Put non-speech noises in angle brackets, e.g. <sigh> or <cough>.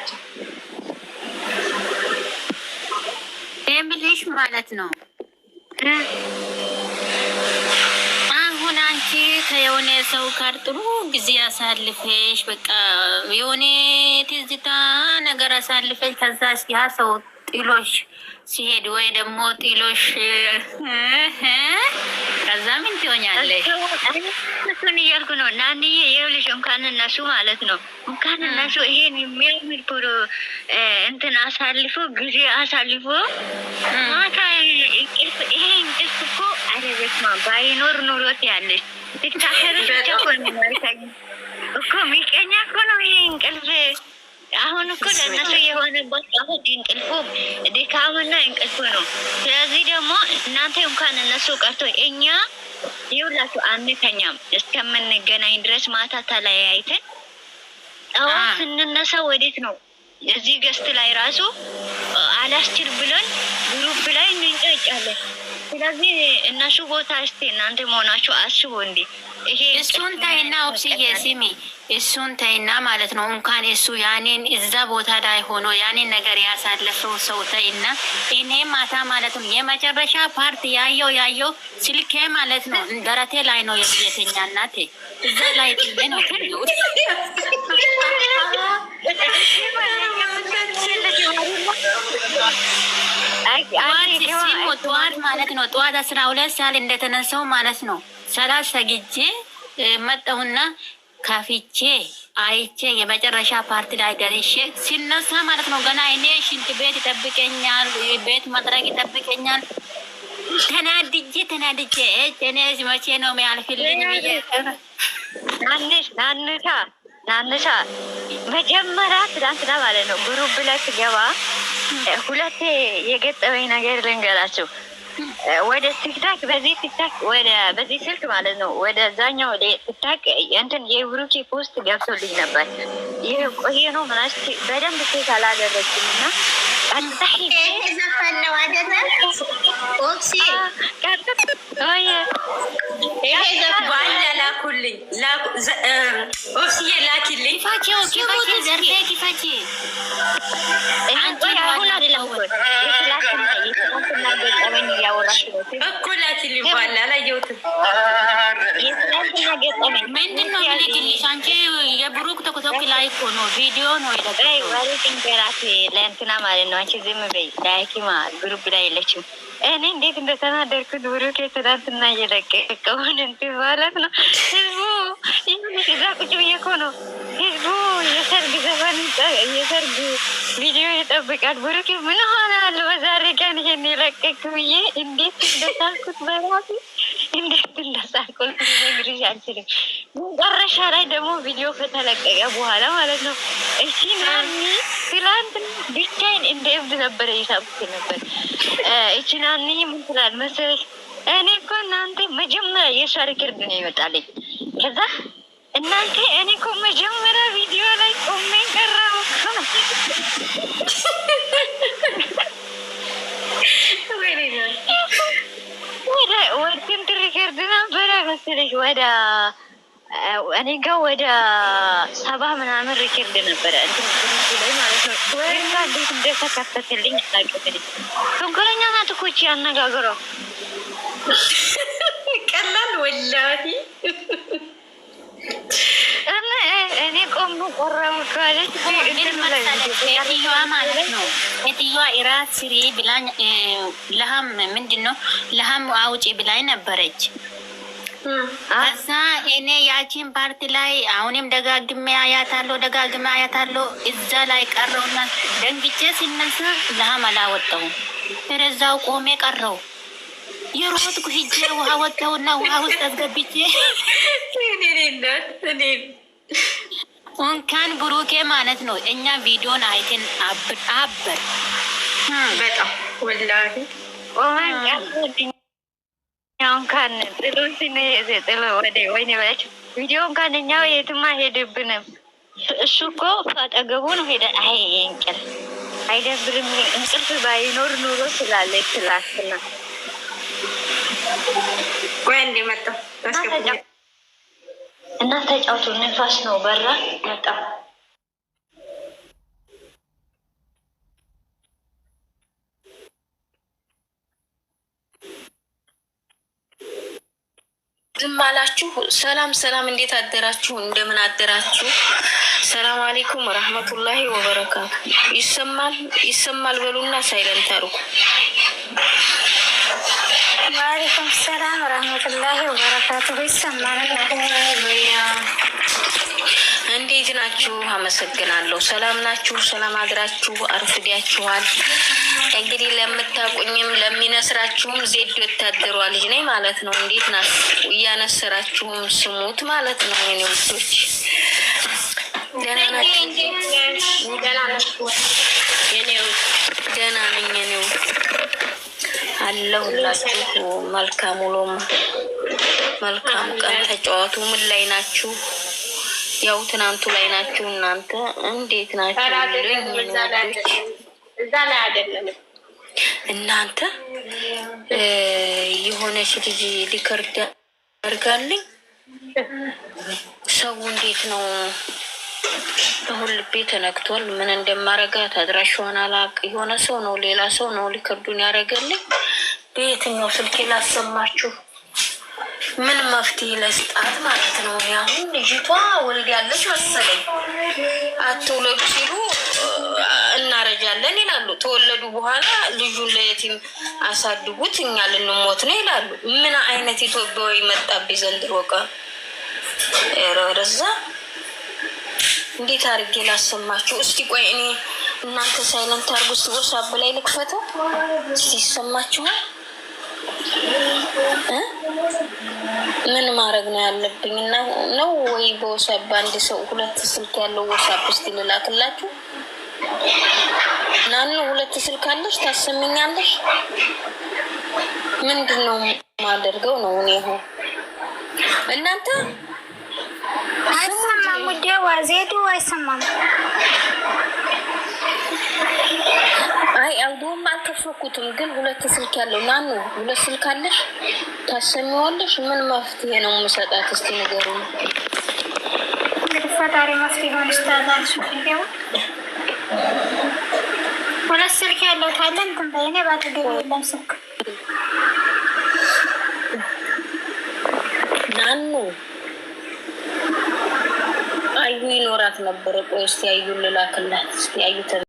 ናቸው የምልሽ ማለት ነው። አሁን አንቺ ከየሆነ ሰው ጋር ጥሩ ጊዜ አሳልፈሽ በቃ የሆነ ትዝታ ነገር አሳልፈሽ ከዛ ያ ሰው ጥሎሽ ሲሄድ ወይ ደግሞ ጢሎሽ ከዛ ምን ትሆኛለሽ? እሱን እያልኩ ነው። ናንዬ ይኸውልሽ፣ እንኳን እነሱ ማለት ነው እንኳን እነሱ ይሄን የሚያምር ፕሮ እንትን አሳልፎ ጊዜ አሳልፎ ማታ ይሄ እንቅልፍ እኮ አደበስማ ባይኖር ኑሮት ያለች ትታሄሮች ብቻ እኮ እኮ ሚቀኛ እኮ ነው ይሄ እንቅልፍ አሁን እኮ ለእነሱ የሆነበት አሁን እንቅልፉ ድካምና እንቅልፉ ነው። ስለዚህ ደግሞ እናንተ እንኳን እነሱ ቀርቶ እኛ ይውላችሁ አንተኛም እስከምንገናኝ ድረስ ማታ ተለያይተን ጠዋት ስንነሳ ወዴት ነው እዚህ ገስት ላይ ራሱ አላስችል ብሎን ግሩፕ ላይ እንንጫጫለን። ስለዚህ እነሱ ቦታ እስቲ እናንተ መሆናችሁ አስቡ። እንዲ እሱን ታይና ኦብስዬ ሲሚ እሱን ታይና ማለት ነው። እንኳን እሱ ያኔን እዛ ቦታ ላይ ሆኖ ያኔን ነገር ያሳለፈው ሰው ታይና እኔ ማታ ማለት ነው የመጨረሻ ፓርት ያየው ያየው ስልኬ ማለት ነው ደረቴ ላይ ነው የየተኛ እናቴ እዛ ላይ ጥዬ ነው <laughs> <laughs> ጠዋት ማለት ነው ጠዋት አስራ ሁለት ሰዓት እንደተነሳው ማለት ነው ሰላት ሰግጄ መጣሁና ከፍቼ አይቼ የመጨረሻ ፓርቲ ላይ ደርሼ ሲነሳ ማለት ነው ገና እኔ ሽንት ቤት ይጠብቀኛል፣ ቤት መጥረግ ይጠብቀኛል። ተናድጄ ተናድጄ እኔ መቼ ነው የሚያልፍልኝ? ናንሽ ናንሻ ናንሻ መጀመሪያ ትናንትና ማለት ነው ግሩብ ላይ ትገባ ሁለቴ የገጠመኝ ነገር ልንገራችሁ። ወደ ቲክታክ በዚህ ቲክታክ ወደ በዚህ ስልክ ማለት ነው። ወደ ዛኛው ቲክታክ እንትን የብሩኬ ፖስት ገብቶልኝ ነበር። ይህ ቆየ ነው ምናስ በደንብ ሴት አላደረችም እና ቀጥታ ላኪልኝ ኦስዬ ላኪልኝ። እኮ ላኪልኝ በኋላ አላየሁትም። ምንድን ነው ልክልሽ አንቺ የብሩክ ቶክቶክ ላይ እኮ ነው ቪዲዮ ነው ለእንትና ማለት ነው። አንቺ ዝም በይ ላኪማ ግሩብ ላይ የለችም። እኔ እንዴት እንደተናደርኩት ብሩክ ትናንትና እየለቀቀውን እንትን ማለት ነው። እዛ ቁጭ ብዬ እኮ ነው ህዝቡ የሰርግ ዘፈን የሰርግ ቪዲዮ ይጠብቃል። ብሩኬ ምን ሆናል በዛሬ ቀን ይሄን የለቀቅ ብዬ እንዴት እንደሳልኩት በራሴ እንዴት እንደሳልኩት ልነግርሽ አልችልም። መጨረሻ ላይ ደግሞ ቪዲዮ ከተለቀቀ በኋላ ማለት ነው እሺ ናኒ ትላንት ብቻዬን እንደ እብድ ነበረ የሳቁት ነበር። እቺ ናኒ ምን ትላል መሰለሽ እኔ እኮ እናንተ መጀመሪያ የሻርክ እርድ ነው ይመጣልኝ። ከዛ እናንተ እኔ እኮ መጀመሪያ ቪዲዮ ላይ ቆሜ ቀራሁ። ወደ ወንትን ትሪከርድ ነበረ መሰለሽ ወደ እኔ ጋ ወደ ሰባ ምናምን ሪከርድ ነበረ ማለት ነው። ወይና እንዴት እንደተከፈተልኝ አላውቅም። ትክክለኛ ናት እኮ ይቺ አነጋገሯ ቀላል ወላሂ እኔ ቆም ቆራው ማለት ነው። ስሪ ብላኝ ለሀም ምንድን ነው ለሀም አውጪ ብላኝ ነበረች። ከዛ እኔ ያቺን ፓርቲ ላይ አሁንም ደጋግሜ አያታለሁ፣ ደጋግሜ አያታለሁ። እዛ ላይ ቀረውና ደንግጬ ሲነሳ ለሀም አላወጣሁም። እረዛው ቆሜ ቀረው። የሮጥኩ ሂጄ ውሃ ወጣሁና ውሃ ውስጥ አስገብቼ ብሩኬ ማለት ነው። እኛ ቪዲዮን አይተን አብር አብር በጣም ወላሂ የትም እሱ እኮ አጠገቡ ነው ሄደ። አይደብርም። እንቅልፍ ባይኖር ኑሮ ስላለ ትላትና ወይ እንዴ መጣ እናንተ ተጫውቱ። ንፋስ ነው በራ መጣ ዝም አላችሁ። ሰላም ሰላም፣ እንዴት አደራችሁ? እንደምን አደራችሁ? ሰላም አሌይኩም ወረህመቱላሂ ወበረካቱ። ይሰማል ይሰማል በሉና ሳይለንት አርጉ። ወረህመቱላሂ ወበረካቱሁ ይሰማናል። እንዴት ናችሁ? አመሰግናለሁ። ሰላም ናችሁ? ሰላም አድራችሁ አርፍዳችኋል። እንግዲህ ለምታቁኝም ለሚነስራችሁም ዜድ ወታደሯ ልጅ ነኝ ማለት ነው። እንዴት ናችሁ? እያነሰራችሁም ስሙት ማለት ነው። ኔ ውዶች ደህና ነኝ። ኔ አለሁላችሁ። መልካም ውሎም መልካም ቀን ተጫዋቱ። ምን ላይ ናችሁ? ያው ትናንቱ ላይ ናችሁ እናንተ እንዴት ናችሁ? እዛ ላይ አይደለም እናንተ የሆነች ልጅ ሊከርድ አድርጋልኝ ሰው እንዴት ነው? አሁን ልቤ ተነክቷል። ምን እንደማረጋት አድራሻዋን አላቅ የሆነ ሰው ነው ሌላ ሰው ነው ሊከርዱን ያደረገልኝ። በየትኛው ስልኬ ላሰማችሁ? ምን መፍትሄ ለስጣት ማለት ነው። አሁን ልጅቷ ወልድ ያለች መሰለኝ አትውለዱ ሲሉ እናረጃለን ይላሉ። ተወለዱ በኋላ ልጁን ለየቲም አሳድጉት እኛ ልንሞት ነው ይላሉ። ምን አይነት ኢትዮጵያዊ መጣብኝ ዘንድሮ ቀን ረዛ እንዴት አድርጌ ላሰማችሁ? እስቲ ቆይ እኔ እናንተ ሳይለንት አርጉ። ስቦሳብ ላይ ልክፈተው ሲሰማችኋል ምን ማድረግ ነው ያለብኝ? እና ነው ወይ በወሳብ በአንድ ሰው ሁለት ስልክ ያለው ወሳብ ውስጥ ልላክላችሁ? ናኑ ሁለት ስልክ አለሽ ታሰምኛለሽ? ምንድን ነው ማደርገው ነው እኔ ሆ እናንተ አይሰማም። ጉዴ ዋዜቱ አይሰማም። ቦም አልከፈኩትም፣ ግን ሁለት ስልክ ያለው ናኑ ሁለት ስልክ አለሽ ታሰሚዋለሽ። ምን መፍትሄ ነው የምሰጣት? እስቲ ነገሩ እንግዲህ ፈጣሪ መፍትሄ ሆን ስታዛች ሁለት ስልክ ያለው ካለን ግን በይኔ ባጠገብ የለም ስልክ ናኑ አዩ ይኖራት ነበረ። ቆይ እስቲ አዩ ልላክላት እስቲ አዩ